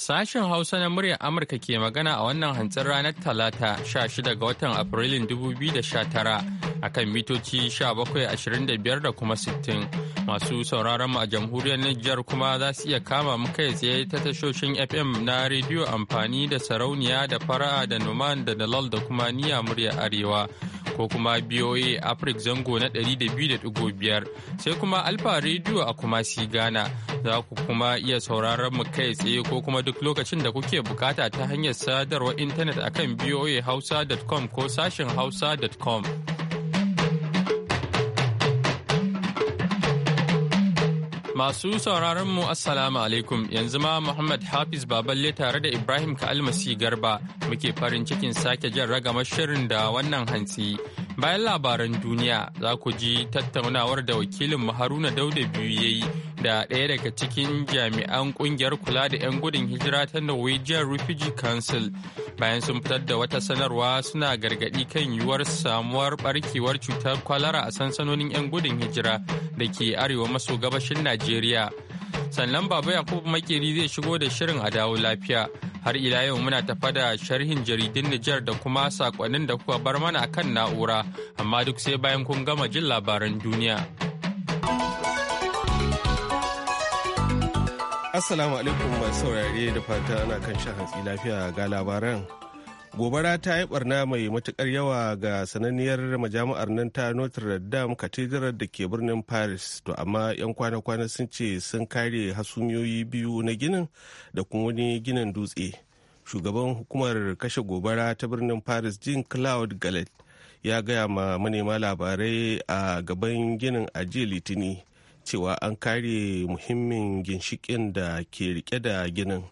Sashen Hausa na muryar Amurka ke magana a wannan hantsin ranar Talata 16 ga watan Afrilun 2019 a kan mitoci 1725 da kuma 60. Masu sauraron mu a jamhuriyar Nijar kuma za su iya kama mu kai tsaye ta tashoshin FM na rediyo amfani da sarauniya da fara'a da numan da dalal da kuma niya muryar Arewa. ko kuma BOA Africa zango na 200.5 sai kuma Alfa Radio a Kumasi Ghana za ku kuma iya sauraron mu kai tsaye ko kuma duk lokacin da kuke bukata ta hanyar sadarwar intanet akan boahausa.com ko sashen hausa.com. Masu sauraron mu Assalamu alaikum yanzu ma Muhammad Hafiz Baballe tare da Ibrahim Kalmasi Garba muke farin cikin sake jan ragamar shirin da wannan hantsi. Bayan labaran duniya za ku ji tattaunawar da wakilin Haruna Dauda biyu ya yi da ɗaya daga cikin jami'an ƙungiyar kula da 'yan gudun hijira ta Norwegian Refugee Council bayan sun fitar da wata sanarwa suna gargaɗi kan yiwuwar samuwar ɓarkewar cutar kwalara a sansanonin 'yan gudun hijira da ke arewa maso gabashin Najeriya. sannan baba yakubu makeri zai shigo da shirin a dawo lafiya har ila yau muna tafa da sharhin jaridun nijar da kuma sakonnin da kuka bar mana akan na'ura amma duk sai bayan kun gama jin labaran duniya assalamu alaikum masu saurare da fata ana kan shan hantsi lafiya ga labaran gobara ta yi barna mai matukar yawa ga sananniyar majami'ar nan ta notre dame cathedral da ke birnin paris to amma 'yan kwana-kwana sun ce sun kare hasumiyoyi biyu na ginin da kuma wani ginin dutse shugaban hukumar kashe gobara ta birnin paris jean claude gallet ya gaya ma manema labarai a gaban ginin a jiya litini cewa an kare muhimmin ginshikin da ke rike da ginin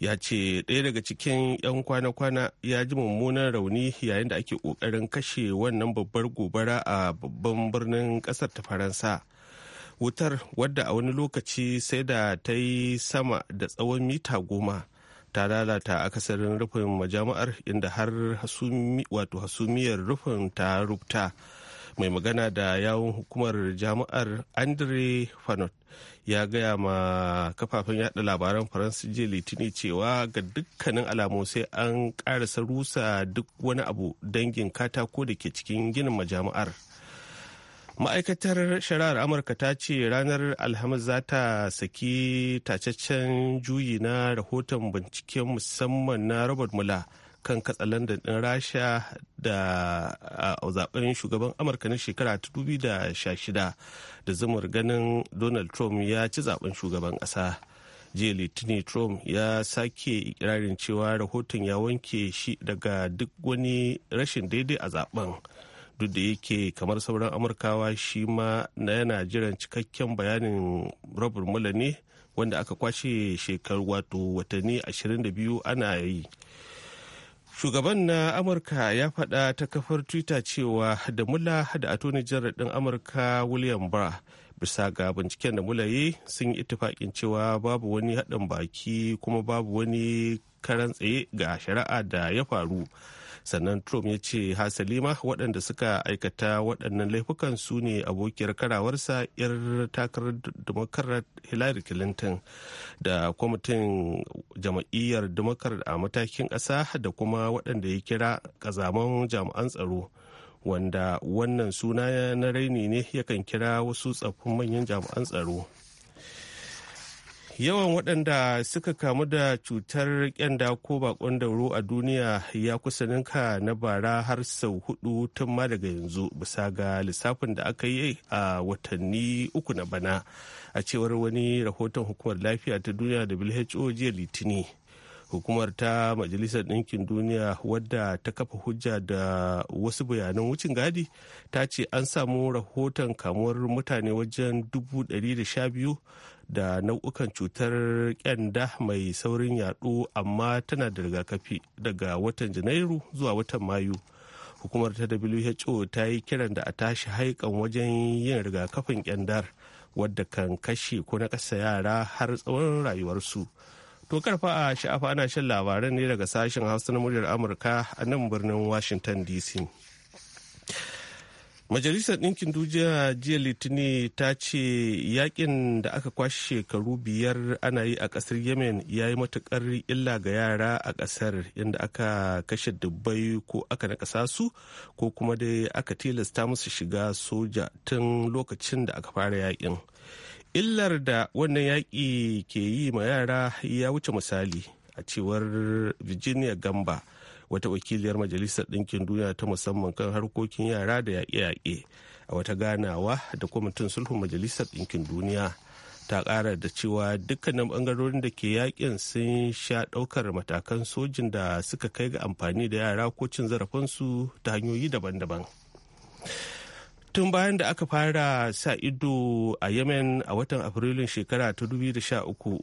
ya ce ɗaya daga cikin 'yan kwana-kwana ya ji mummunan rauni yayin da ake ƙoƙarin kashe wannan babbar gobara a babban birnin ƙasar ta faransa wutar wadda a wani lokaci sai da ta yi sama da tsawon mita goma ta lalata akasarin rufin majami'ar inda har hasumiyar rufin ta rubta. mai magana da yawun hukumar jami'ar andre fanot ya gaya ma kafafen yada labaran faransa jiya litinin cewa ga dukkanin alamu sai an karasa rusa duk wani abu dangin katako da ke cikin ginin majami'ar ma'aikatar shari'ar amurka ta ce ranar alhamis za ta saki tacaccen juyi na rahoton binciken musamman na robert muller kan katsalandan ɗin rasha da zaben shugaban amurka na shekara ta 2016 da zumar ganin donald trump ya ci zaben shugaban ƙasa jiya litinin trump ya sake ikirarin cewa rahoton ya wanke shi daga duk wani rashin daidai a zaben duk da yake kamar sauran amurkawa shi ma na yana jiran cikakken bayanin robert mueller ne wanda aka kwashe shekaru wato watanni 22 ana yi shugaban na amurka ya faɗa ta kafar twitter cewa da mula da atoni janar ɗin amurka william barr bisa ga binciken da mula yi sun yi itifakin cewa babu wani haɗin baki kuma babu wani karan tsaye ga shari'a da ya faru sannan trump ya ce hasalima waɗanda suka aikata waɗannan laifukan su ne abokiyar karawarsa 'yar takarar democrat hillary clinton da kwamitin jama'iyyar democrat a matakin ƙasa da kuma waɗanda ya kira ƙazaman jami'an tsaro wanda wannan suna na raini ne yakan kira wasu tsaffin manyan jami'an tsaro yawan waɗanda suka kamu da cutar ƙyanda ko bakon dauro a duniya ya kusa ninka na bara har sau hudu tun ma daga yanzu bisa ga lissafin da aka yi a watanni uku na bana a cewar wani rahoton hukumar lafiya ta duniya da who jiya litini hukumar ta majalisar ɗinkin duniya wadda ta kafa hujja da wasu bayanan wucin gadi ta ce an samu rahoton kamuwar mutane wajen biyu. da nau'ukan cutar kyanda mai saurin yaɗo amma tana da rigakafi daga watan janairu zuwa watan mayu hukumar ta who ta yi kiran da a tashi haikan wajen yin rigakafin kyandar wadda kan kashe ko na ƙasa yara har tsawon rayuwarsu to karfa a sha'afa ana shan labaran ne daga sashen hausa na muryar amurka a nan birnin washington dc majalisar ɗinkin duniya jiya litini ta ce yakin da aka kwashe shekaru biyar ana yi a ƙasar yemen ya yi matuƙar illa ga yara a ƙasar inda aka kashe dubbai ko aka nakasa su ko kuma dai aka tilasta musu shiga soja tun lokacin da aka fara yakin illar da wannan yaƙi ke yi ma yara ya wuce misali a cewar virginia gamba wata wakiliyar majalisar ɗinkin duniya ta musamman kan harkokin yara da yaƙe-yaƙe a wata ganawa da kwamitin sulhun majalisar ɗinkin duniya ta ƙara da cewa dukkanin bangarorin da ke yakin sun sha ɗaukar matakan sojin da suka kai ga amfani da yara ko cin zarafinsu ta hanyoyi daban-daban tun bayan da aka fara sa ido a yemen a watan afrilun shekara ta 2013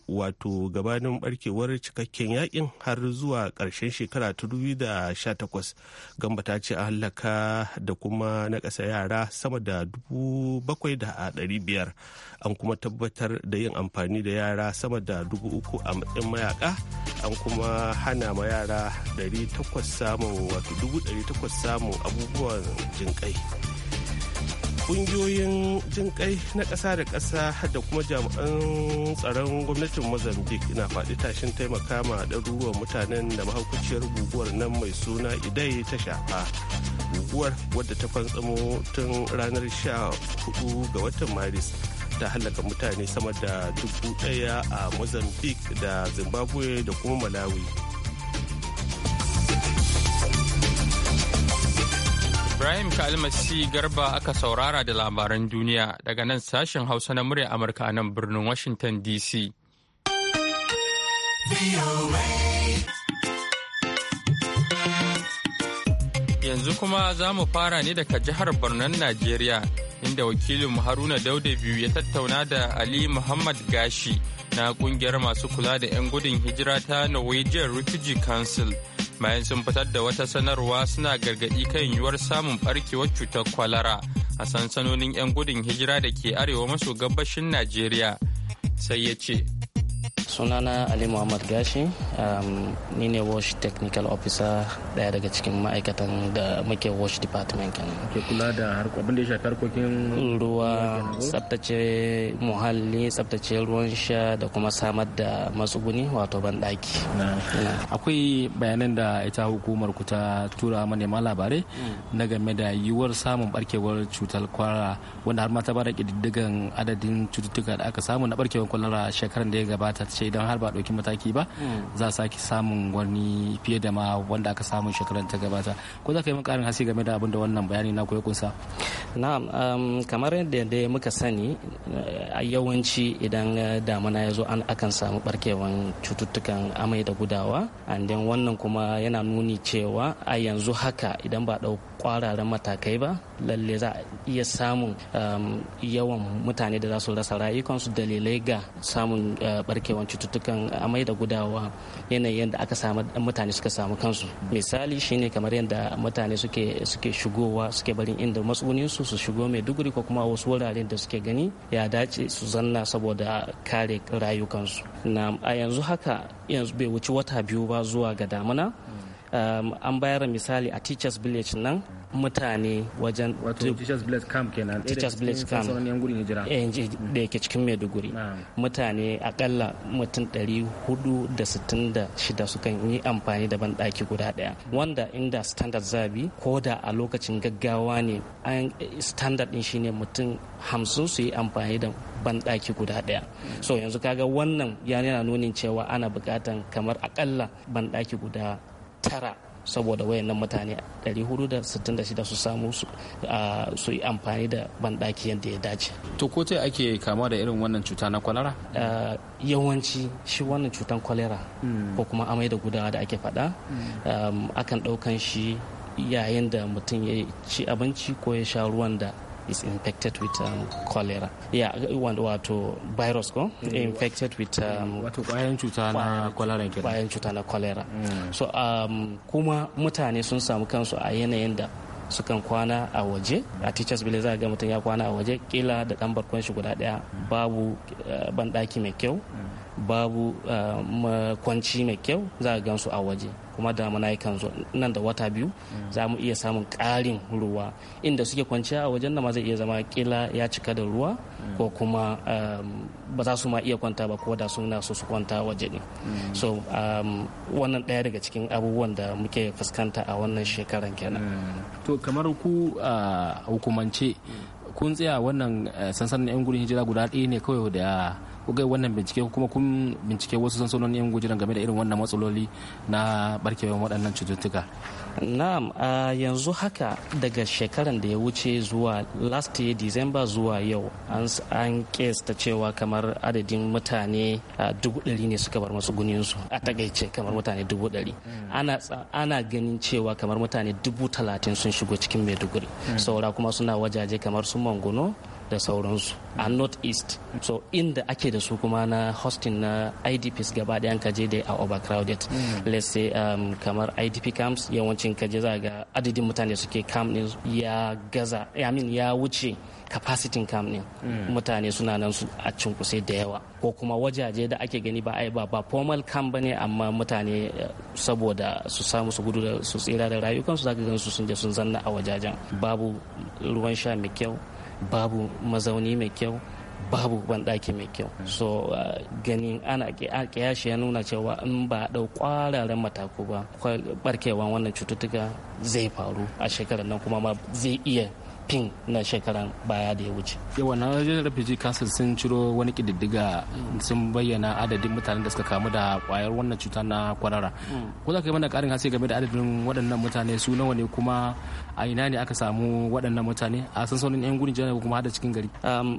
wato gabanin barkewar cikakken yakin har zuwa karshen shekara ta 2018 gamba ta ce a halaka da kuma na ƙasa yara sama da 7,500 an kuma tabbatar da yin amfani da yara sama da 3,000 a matsayin mayaka an kuma hana ma yara 800 samun wato 800 samun abubuwan jinƙai. kungiyoyin jin kai na ƙasa da ƙasa da kuma jami'an tsaron gwamnatin mozambique na faɗi tashin taimaka ma ɗaruruwan mutanen da mahaukaciyar guguwar nan mai suna idai ta shafa guguwar wadda ta fantsamo tun ranar sha hudu ga watan maris ta halaka mutane sama da dubu ɗaya a mozambique da zimbabwe da kuma malawi Ibrahim Kalmasi Garba aka saurara da labaran duniya daga nan sashen Hausa na murya Amurka a nan birnin Washington DC. Yanzu kuma za mu fara ne daga jihar Barnan Najeriya inda wakilinmu Haruna Dauda biyu ya tattauna da Ali Muhammad Gashi na kungiyar masu kula da 'yan gudun hijira ta Norwegian Refugee Council. bayan sun fitar da wata sanarwa suna gargaɗi kan yiwuwar samun ɓarkewar cutar kwalara a sansanonin 'yan gudun hijira da ke arewa maso gabashin najeriya sai ya ce sunana ali muhammad gashi um, ni ne wash technical officer daya daga cikin ma'aikatan da muke wash department kenan ke kula da harkokin ruwa tsabtace muhalli tsabtace ruwan sha da kuma samar da matsuguni wato banɗaki akwai bayanan da ita hukumar ku ta tura manema labarai mm. na game da yiwuwar samun barkewar cutar kwara wanda har ma ta bada kididdigan adadin cututtuka da aka samu na barkewar kwalara shekaran da ya gabata ce idan har ba ɗauki mataki ba mm. za a sake samun wani fiye da ma wanda aka samu shekaran ta gabata ko za ka yi min ƙarin hasi game da abin da wannan bayani na ya kunsa na'am kamar yadda muka sani eh, yawanci idan eh, damana ya zo akan samu barkewan cututtukan amai da gudawa and wannan kuma yana nuni cewa a yanzu haka idan ba ɗauko. kwararan matakai ba lalle za a iya samun um, yawan mutane da za su rasa rayukansu dalilai ga samun uh, barkewan cututtukan amai da gudawa yanayin da aka samu mutane suka samu kansu misali shine kamar yadda mutane suke suke shigowa suke barin inda matsunin su su shigo mai duguri ko kuma wasu wuraren da suke gani ya dace su zanna saboda kare rayukansu na a yanzu haka yanzu bai wuci wata biyu ba zuwa ga damuna Um, an bayar misali a teachers village nan mutane wajen teachers village camp kenan teachers village camp eh, da yake cikin maiduguri mutane akalla mutum 466 sukan yi amfani da banɗaki guda ɗaya wanda inda standard zabi ko da a lokacin gaggawa ne standard din shine mutum hamsin su yi amfani da banɗaki guda ɗaya so yanzu kaga wannan yana nunin cewa ana buƙatan kamar akalla banɗaki guda tara saboda wayannan mutane 466 su samu su yi amfani da banɗaki yadda ya dace. To ko ce ake kama da irin wannan cuta na kwalara? Yawanci shi wannan cutan kwalara hmm. ko kuma amai da gudawa da ake faɗa hmm. um, akan ɗaukan shi yayin da mutum ya ci abinci ko ya sha ruwan da is infected with um, cholera yeah wato virus ko mm. infected with um, wato kwayan cuta na cholera kenan kwayan cuta na cholera mm. so um, kuma mutane sun samu kansu a yanayin da sukan kwana a waje a teachers bile za ga mutum ya kwana a waje kila da dan barkon shi guda daya babu uh, eh, daki mai kyau mm. babu eh, kwanci mai kyau za a gansu a waje kuma da mana yakan zo nan da wata biyu za mu iya samun ƙarin ruwa inda suke kwanciya a wajen ma zai iya zama kila ya cika da ruwa ko kuma eh, ba za su ma iya kwanta ba ko da suna so su kwanta waje ne so eh, wannan ɗaya daga cikin abubuwan da muke fuskanta a wannan shekaran kenan to kamar ku a hukumance kun tsaya wannan sansanin 'yan gudun hijira guda ɗaya ne kawai da kuka wannan bincike kuma kun bincike wasu sansanonin yan gujiran game da irin wannan matsaloli na barkewar waɗannan cututtuka na'am a yanzu haka daga shekaran da ya wuce zuwa last year december zuwa yau an kesta cewa kamar adadin mutane dubu ɗari ne suka bar masu guninsu a takaice kamar mutane dubu ɗari hmm. ana ganin cewa kamar mutane dubu talatin sun shigo cikin maiduguri hmm. saura kuma suna wajaje kamar su mangono da sauransu a north east so inda ake da su kuma na hosting na idps gaba ɗayan kaje dai a overcrowded mm. let's say um, kamar idp camps yawancin kaje za ga adadin mutane suke camp ne ya gaza ya min ya wuce capacity camp ne mm. mutane suna nan su a cunkuse da yawa ko kuma wajaje da ake gani ba ai ba ba formal camp ne amma mutane eh, saboda su samu su gudu da su tsira da rayukansu zaka gan su sun je sun zanna a wajajen babu ruwan sha mai kyau babu mazauni mai kyau babu banɗaki mai kyau hmm. so uh, ganin ana ƙiyashi ya nuna cewa in ba a ɗau kwararen mataku ba barkewan wannan cututtuka zai faru a shekarar nan kuma ma zai iya pin na shekaran baya da ya wuce. yawan na refugee council sun ciro wani kididdiga sun bayyana adadin mutanen da suka kamu da kwayar wannan cuta na kwarara. Mm. Ko za ka yi mana karin hasi game da adadin waɗannan mutane su nawa ne kuma a ina ne aka samu waɗannan mutane a sansanin 'yan gudun jana kuma hada cikin gari.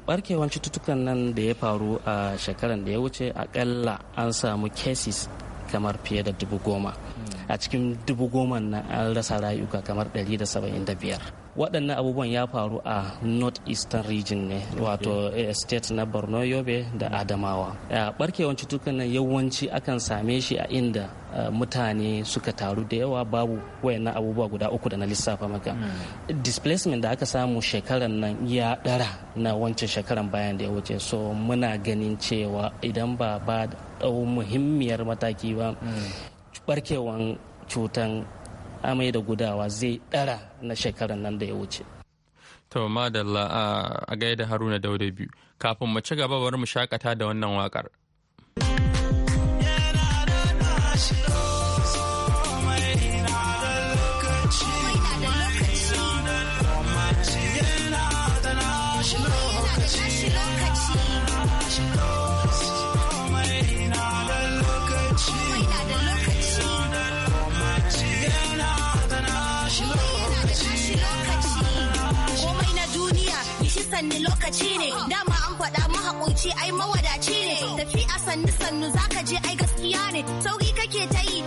Barkewan cututtukan nan da ya faru a shekaran da ya wuce akalla an samu cases kamar fiye da dubu goma. Mm. A cikin dubu goma na an rasa rayuka kamar 175. waɗannan abubuwan ya faru a north eastern region ne wato eh, state na borno yobe da adamawa barkewan cutukan nan yawanci akan same shi a inda mutane suka taru da yawa babu wayannan abubuwa guda uku da na lissafa maka hmm. displacement da aka samu shekaran nan ya ɗara na wancan shekaran bayan da ya wuce so muna ganin cewa idan ba ba ɗau muhimmiyar mataki ba barkewan hmm. cutan amai da gudawa zai dara na shekarar nan da ya wuce. To madalla a gaida Haruna Dauda biyu. Kafin mu ci gaba bari mu shakata da wannan wakar. sanni lokaci ne dama an faɗa mahaƙunci ai mawadaci ne tafi a sanni sannu zaka je ai gaskiya ne sauki kake ta yi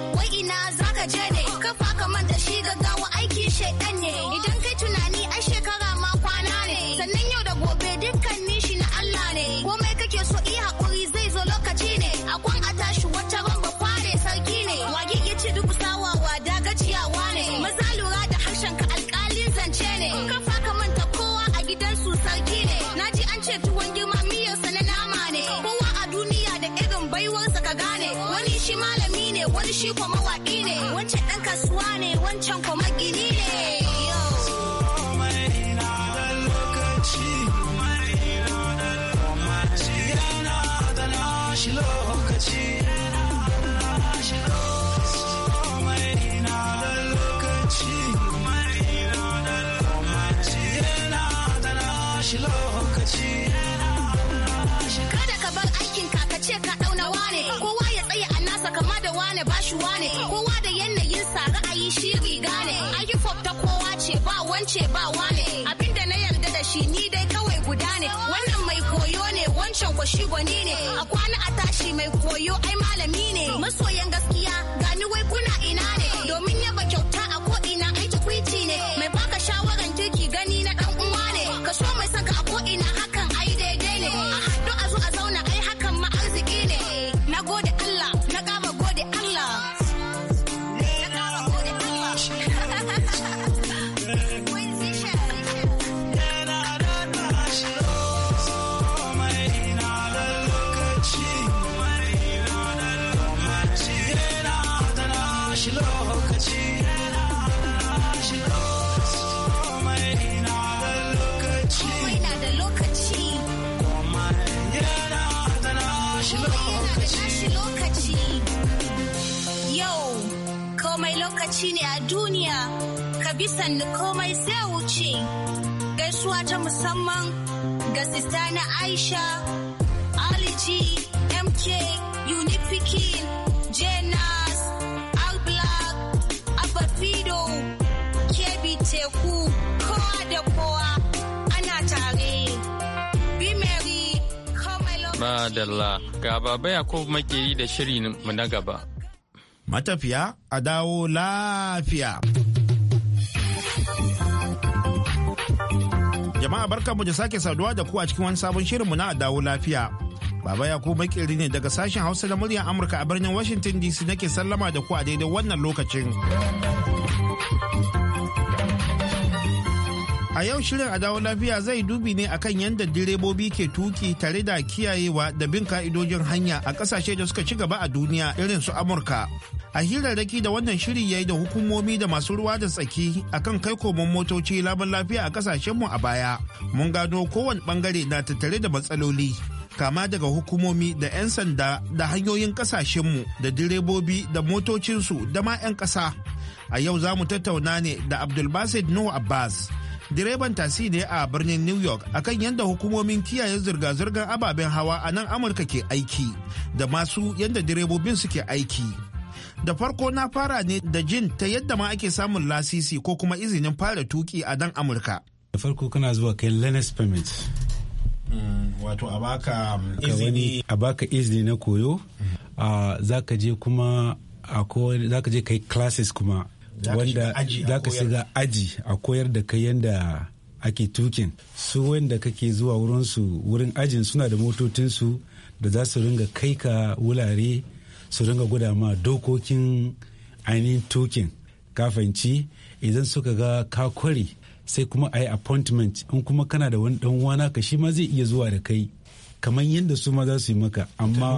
ba shi wane kowa da yanayin sa ra'ayi shi riga ne ayyufab ta kowa ce ba wance ba wane abinda na yarda da shi ni dai kawai guda ne wannan mai koyo ne wancan kwashi gwani ne a kwana a tashi mai koyo ai malami ne masoyan gaskiya mawadaci ne a duniya ka bi sannu komai zai wuce gaisuwa ta musamman ga sista na aisha aliji mk unifikin jenas Alblak, abafido kebi teku kowa da kowa ana tare bimeri kamalon madalla ga baba ke yi da shiri mu na gaba matafiya a dawo lafiya. Jama'a barkanmu da sake saduwa da ku a cikin wani sabon shirinmu na a dawo lafiya. Baba Yakubu makeri ne daga sashen Hausa da muryar Amurka a birnin Washington DC nake sallama da ku a daidai wannan lokacin. A yau shirin a dawo lafiya zai dubi ne akan yadda direbobi ke tuki tare da kiyayewa da bin ka'idojin hanya a kasashe da suka ci gaba a duniya irin su Amurka a hirarraki da wannan shirin ya yi da hukumomi da masu ruwa da tsaki akan kai komon motoci laban lafiya a kasashenmu a baya mun gano kowane bangare na tattare da matsaloli kama daga hukumomi da 'yan sanda da hanyoyin kasashenmu da direbobi da motocinsu da ma 'yan ƙasa a yau za mu tattauna ne da abdulbasid nuhu abbas direban tasi ne a birnin new york akan yadda hukumomin kiyaye zirga-zirgar ababen hawa a nan amurka ke aiki da masu yadda direbobin suke aiki da farko na fara ne da jin ta yadda ma ake samun lasisi ko kuma izinin fara tuki a dan amurka da farko kana zuwa kai learner's permit mm, wato a baka um, izini a na koyo mm. ah, za ka je kuma za ka je kai classes kuma wanda za ka shiga aji a koyar da kai yadda ake tukin su wanda kake zuwa wurin ajin suna da motocinsu da za su ringa kai ka wulare su dinga guda ma dokokin ainihin tukin kafanci idan suka ga ka sai kuma a yi appointment in kuma kana da wani dan ka shi ma zai iya zuwa da kai kamar yadda su ma za su yi maka amma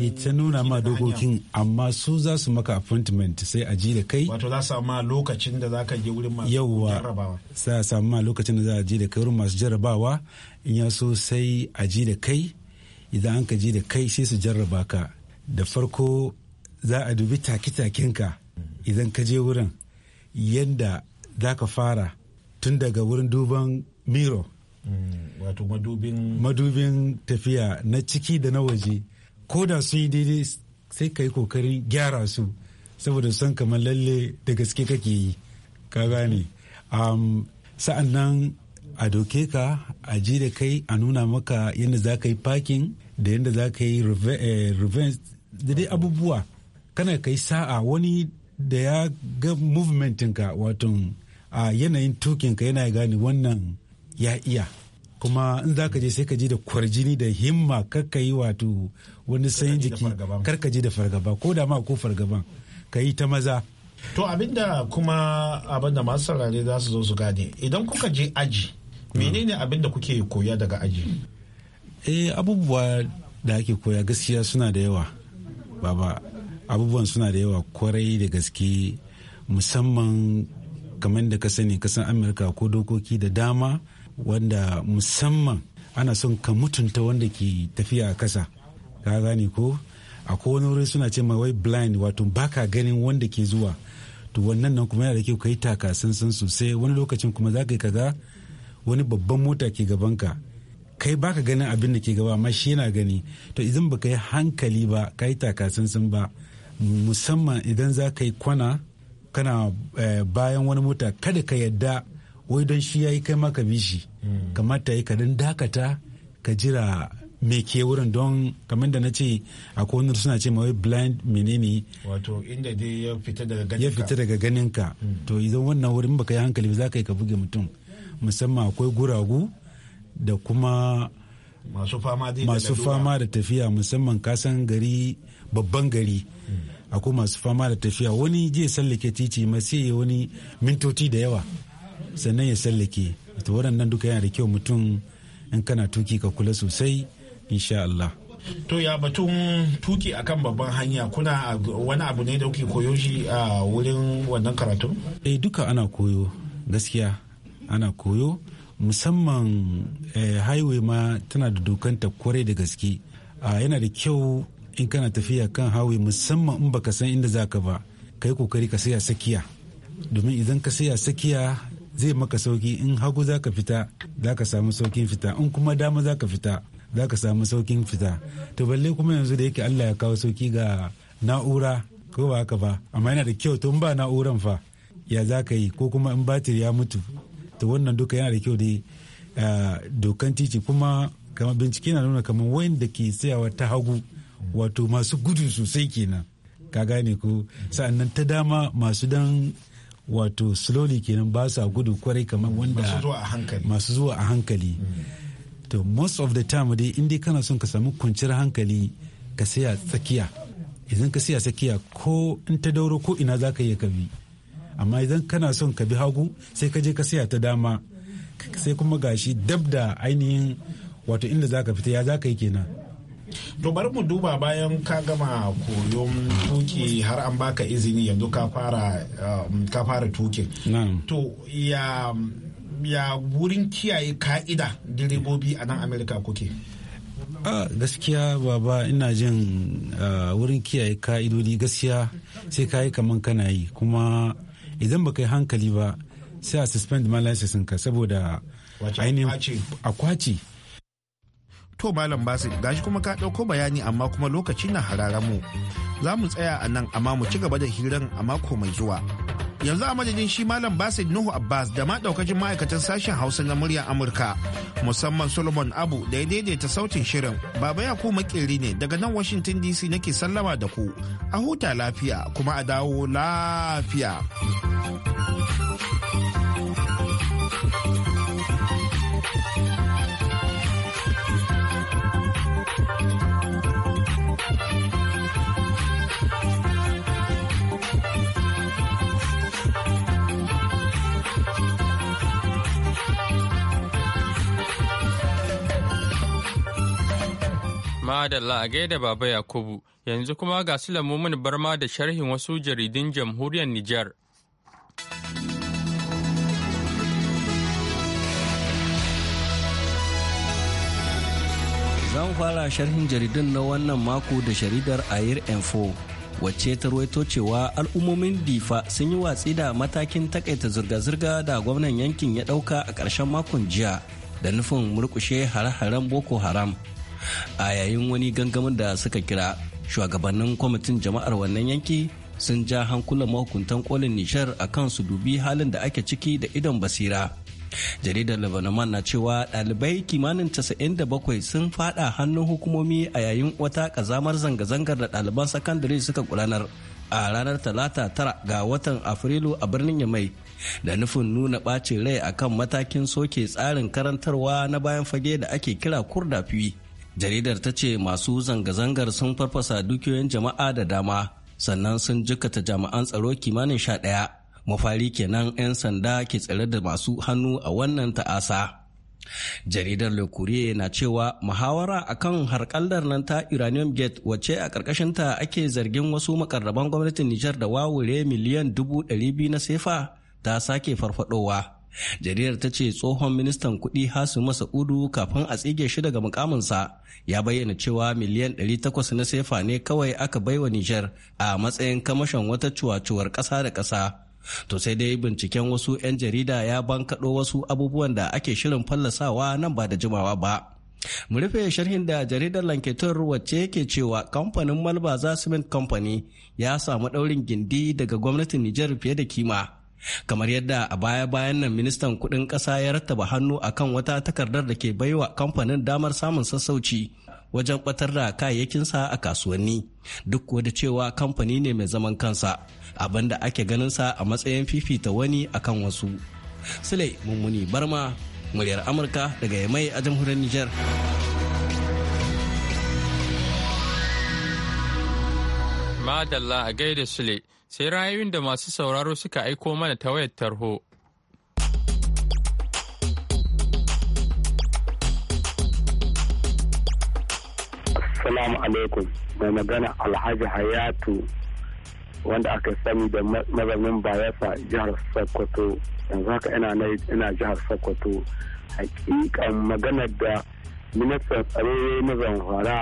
ita nuna ma eh, dokokin amma su za su maka appointment sai a ji da kai wato za su ma lokacin da za ka je wurin masu jarrabawa sai a samu ma lokacin da za a ji da kai wurin masu jarrabawa in ya so sai a ji da kai idan an ka ji da kai sai su jarraba ka da farko za a dubi take-takenka idan ka je wurin yadda za ka fara tun daga wurin duban miro mm, wato madubin tafiya na ciki da na waje ko da su yi daidai sai ka yi kokarin gyara su saboda son kamar lalle da gaske kake yi ka gane sa'an nan a doke ka a ji da kai a nuna maka yadda za ka yi parking da yadda za ka yi eh, reverse da dai abubuwa kana kai sa'a wani da ya ga movementinka wato a yanayin tukinka yana gane wannan ya iya kuma in za ka je sai ka je da kwarjini da himma karka yi wato wani sayin jiki karka je da fargaba ko da ma ko fargaban ka yi ta maza to abinda kuma abinda masu saurare za su zo su gane idan kuka je aji menene abinda kuke koya daga aji eh abubuwa da ake koya gaskiya suna da yawa baba abubuwan suna da yawa kwarai da gaske musamman kamar da ka sani kasan amurka ko dokoki da dama wanda musamman ana son ka mutunta wanda ke tafiya a kasa ka gane ko a wani wuri suna ce wai blind wato baka ganin wanda ke zuwa to wannan nan kuma yana da kyau ka yi takasansan sosai wani lokacin kuma za ka yi kaga wani babban mota ke gabanka kai baka ganin abin da ke gaba amma shi yana gani to idan baka yi hankali ba ka yi takasansan ba musamman idan za ka yi kwana kana eh, bayan wani mota kada ka yadda wai don shi ya yi kai maka bishi hmm. kamata yi ka dakata ka jira me ke wurin don kamar da na ce akwai wani suna ce mawai blind menene wato inda dai daga ganinka ya fita daga ganinka hmm. to idan wannan wurin baka yi hankali ba za ka yi ka buge mutum musamman akwai guragu da kuma masu fama da tafiya musamman kasan gari babban gari akwai masu fama da tafiya wani je sallake titi masu yi wani mintoci da yawa sannan ya sallake ta waɗannan duka yana da kyau mutum in kana tuki ka kula sosai insha Allah to ya batun tuki akan babban hanya kuna wani abu ne da kuke koyo shi a wurin wannan karatu eh duka ana koyo gaskiya ana koyo musamman eh, highway ma tana da dokanta kwarai da gaske ah, yana da kyau in kana tafiya kan highway musamman in baka san inda zaka ba kai kokari ka saya sakiya domin idan ka saya sakiya zai maka sauki in hagu zaka fita zaka samu saukin fita in kuma dama zaka fita zaka samu saukin fita to balle kuma yanzu da yake Allah ya kawo sauki ga na'ura ko ba haka ba amma yana da kyau to in ba na'uran fa ya za ka yi ko kuma in batir ya mutu to wannan duka yana da kyau da dokan titi kuma kama bincike na nuna kamar wanda ke tsayawa ta hagu wato masu gudu sosai kenan ka gane ko sa'annan ta dama masu dan wato slowly kenan ba sa gudu kwarai kamar wanda masu zuwa a hankali to most of the time dai in dai kana son ka samu kwanciyar hankali ka saya tsakiya idan ka saya tsakiya ko in ta dauro ko ina za ka iya ka bi amma idan kana son ka bi hagu sai ka je ka saya ta dama sai kuma gashi dab da ainihin wato inda za ka fita ya za ka yi kenan to bari mu duba bayan ka gama koyon tuki har an baka izini yanzu ka fara um, ka fara tukin to ya ya wurin kiyaye ka'ida direbobi a nan amerika kuke a gaskiya baba ina jin uh, wurin kiyaye ka'idodi gaskiya sai ka yi kaman kana yi kuma idan baka yi hankali ba sai a suspend ma license ka saboda ainihin a kwaci to malam basi gashi kuma ka dauko bayani amma kuma lokaci na hararamu mu za mu tsaya a nan amma mu ci gaba da hiran a mako mai zuwa yanzu a madadin shi malam basid nuhu abbas da ma daukacin ma'aikatan sashen hausa na muryar amurka musamman solomon abu da ya daidaita sautin shirin baba ya ku makeri ne daga nan washington dc nake sallama da ku a huta lafiya kuma a dawo lafiya Madalla a gaida Baba Yakubu, yanzu kuma ga su lamumin barma da sharhin wasu jaridun jamhuriyar Nijar. Zan fara sharhin jaridun na wannan mako da sharidar Air Info. wacce ta ruwaito cewa al'ummomin difa sun yi watsi da matakin takaita zirga-zirga da gwamnan yankin ya dauka a ƙarshen makon jiya da nufin murkushe hare-haren boko haram a yayin wani gangamin da suka kira shugabannin kwamitin jama'ar wannan yanki sun ja hankulan mahukuntan kolin nishar a kan su dubi halin da ake ciki da idon basira jaridar lebanon na cewa ɗalibai kimanin 97 sun fada hannun hukumomi a yayin wata kazamar zanga-zangar da ɗaliban sakandare suka gudanar a ranar talata tara ga watan afrilu a birnin yamai da nufin nuna ɓacin rai akan matakin soke tsarin karantarwa na bayan fage da ake kira kurda fiye jaridar ta ce masu zanga-zangar sun farfasa dukiyoyin jama'a da dama sannan sun jikata jami'an tsaro kimanin sha ɗaya mafari kenan 'yan sanda ke tsare da masu hannu a wannan ta'asa jaridar le na cewa muhawara akan harkallar nan ta uranium gate wacce a ƙarƙashinta ake zargin wasu makarraban gwamnatin nijar da wawure miliyan dubu ɗari biyu na sefa ta sake farfaɗowa. jaridar ta ce tsohon ministan kudi hasu masa udu kafin a tsige shi daga mukaminsa ya bayyana cewa miliyan 800 na sefa ne kawai aka baiwa nijar a matsayin kamashin wata cuwacuwar ƙasa da ƙasa to sai dai binciken wasu 'yan jarida ya bankaɗo wasu abubuwan da ake shirin fallasawa nan ba da jimawa ba. mu rufe sharhin da jaridar lanketor wacce yake cewa kamfanin malbaza cement company ya samu daurin gindi daga gwamnatin nijar fiye da kima kamar yadda a baya-bayan nan ministan kudin kasa ya rattaba hannu akan wata takardar da ke baiwa kamfanin damar samun sassauci wajen batar da kayayyakinsa a kasuwanni duk da cewa kamfani ne mai zaman kansa abinda ake ganinsa a matsayin fifita wani akan wasu sule mummuni barma muryar amurka daga yamai a jamhuriyar niger madalla a gaida sule sai ra'ayoyin da masu sauraro suka aiko mana ta wayar tarho. Assalamu alaikum mai magana Alhaji Hayatu wanda aka sani da mazaunin bayasa jihar Sokoto yanzu haka ina jihar Sokoto hakikan maganar da ministan tsaro na zamfara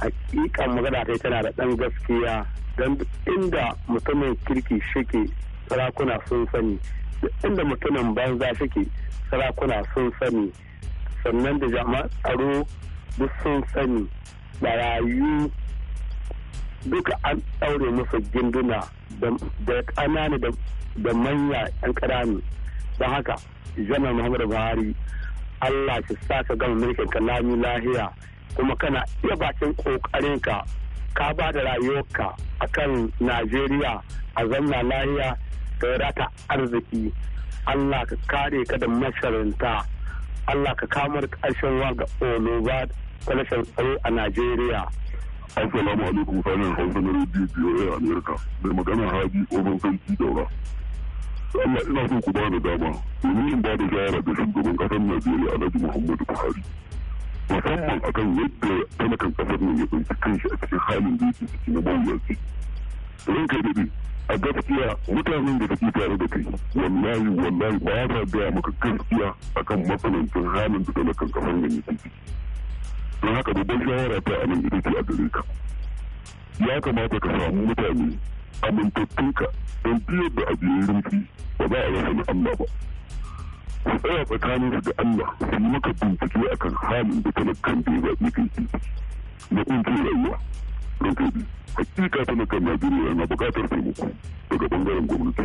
hakikan magana ta tana da ɗan gaskiya don inda mutumin kirki shike sarakuna sun sani inda mutumin banza shike sarakuna sun sani sannan da jama'a tsaro sun sani rayu duka an ɗaure musu ginduna da ƙanana da manya 'yan ƙanani don haka janar muhammadu buhari allah ki sa ka gama mulkin ka lahiya kuma kana iya bakin ka. ka ba da rayuwarka akan najeriya a zanna lahiya da wadata arziki allah ka kare ka da masharanta allah ka kamar karshen wa ga oloba ta rashin tsaro a najeriya Assalamu alaikum sanin hausa na rediyo biyoyi a Amerika mai magana Haji Oban Sarki Daura. Allah ina so ku da dama domin in ba da shawara da shugaban ƙasar Najeriya Alhaji Muhammadu Buhari. musamman akan yadda talakan kasar nan ya tsinci kanshi a cikin halin da yake ciki na mawuyaci ran kai daɗi a gaskiya mutanen da suke tare da kai wallahi wallahi ba ya gaya maka gaskiya akan matsanancin halin da talakan kasar nan ya ciki don haka babban shawara ta anan ita ce a gare ka ya kamata ka samu mutane amintattunka don biyar da abin rufi ba za a rasa Allah ba su tsakanin su da Allah su maka bincike akan halin da talakan da ya zaɓi kai shi na kunce rayuwa don kai hakika talakan Najeriya na buƙatar taimako daga bangaren gwamnati.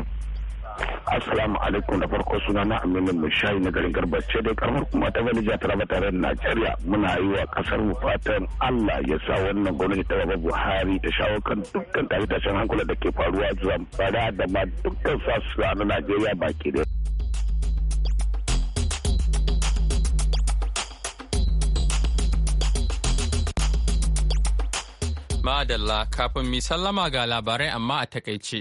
Assalamu alaikum da farko suna na Aminu Mushayi na garin Garbace da karfar kuma ta Valija Taraba tare da Najeriya muna yi wa kasar mu fatan Allah ya sa wannan gwamnati ta gaba Buhari ta shawo kan dukkan tashe-tashen hankula da ke faruwa zuwa zamfara da ma dukkan sassa na Najeriya baki ɗaya. Madalla kafin mi sallama ga labarai amma a takaice.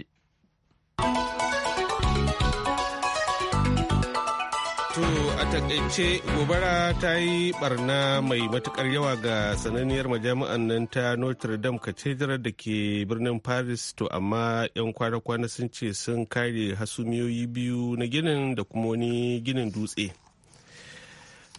To a takaice gobara ta yi barna mai matukar yawa ga sananniyar majami'an nan ta Notre Dame Cathedral da ke birnin Paris to amma 'yan kwana-kwana sun ce sun kare hasumiyoyi biyu na ginin da kuma wani ginin dutse.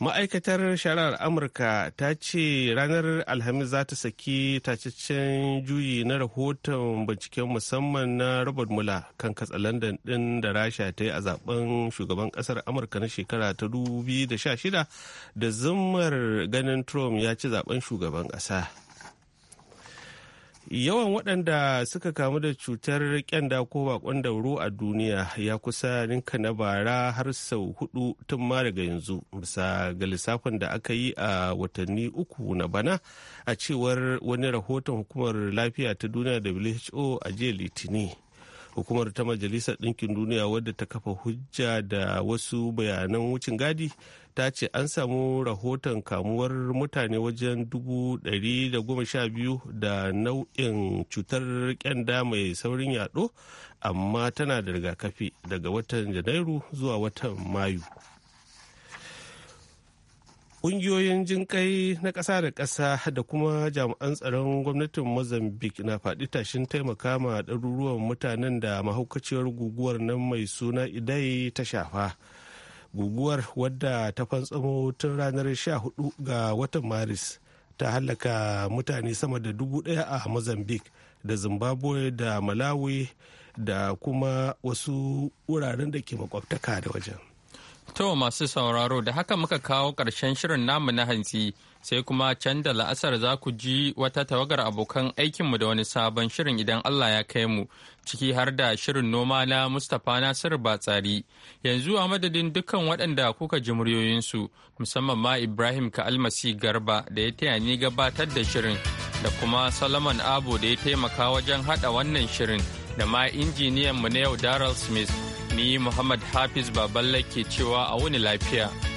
ma'aikatar shari'ar amurka ta ce ranar alhamis za ta saki tacaccen juyi na rahoton binciken musamman na robert mula kan katsalandan din da rasha ta yi a zaben shugaban kasar amurka na shekara ta 2016 da zimmar ganin trump ya ci zaben shugaban kasa yawan waɗanda suka kamu da cutar kyanda ko bakon dauro a duniya ya kusa ninka na bara har sau hudu tun ma daga yanzu bisa ga lissafin da aka yi a watanni uku na bana a cewar wani rahoton hukumar lafiya ta duniya who a jiya litini hukumar ta majalisar ɗinkin duniya wadda ta kafa hujja da wasu bayanan wucin gadi ta ce an samu rahoton kamuwar mutane wajen dubu da goma sha biyu da nau'in cutar kyanda mai saurin yaɗo amma tana da rigakafi daga watan janairu zuwa watan mayu Ƙungiyoyin jinƙai na ƙasa da ƙasa da kuma jami'an tsaron gwamnatin Mozambique na faɗi tashin taimaka ma ɗaruruwan mutanen da mahaukaciyar guguwar nan mai suna idai ta shafa. Guguwar wadda ta fantsamo tun ranar 14 ga watan Maris ta hallaka mutane sama da dubu ɗaya a Mozambique da Zimbabwe da Malawi da kuma wasu wuraren da ke makwabtaka da wajen. To masu sauraro da haka muka kawo ƙarshen shirin namu na hantsi sai kuma can da la'asar za ku ji wata tawagar abokan aikinmu da wani sabon shirin idan Allah ya kai mu ciki har da shirin noma na Mustapha Nasiru Batsari. Yanzu a madadin dukkan waɗanda kuka ji muryoyinsu musamman ma Ibrahim ka almasi Garba da ya taya ni gabatar da shirin da kuma Solomon abu da ya taimaka wajen haɗa wannan shirin da ma injiniyanmu na yau Daryl Smith. Ni Muhammad Hafiz Baballe ke cewa a wuni lafiya.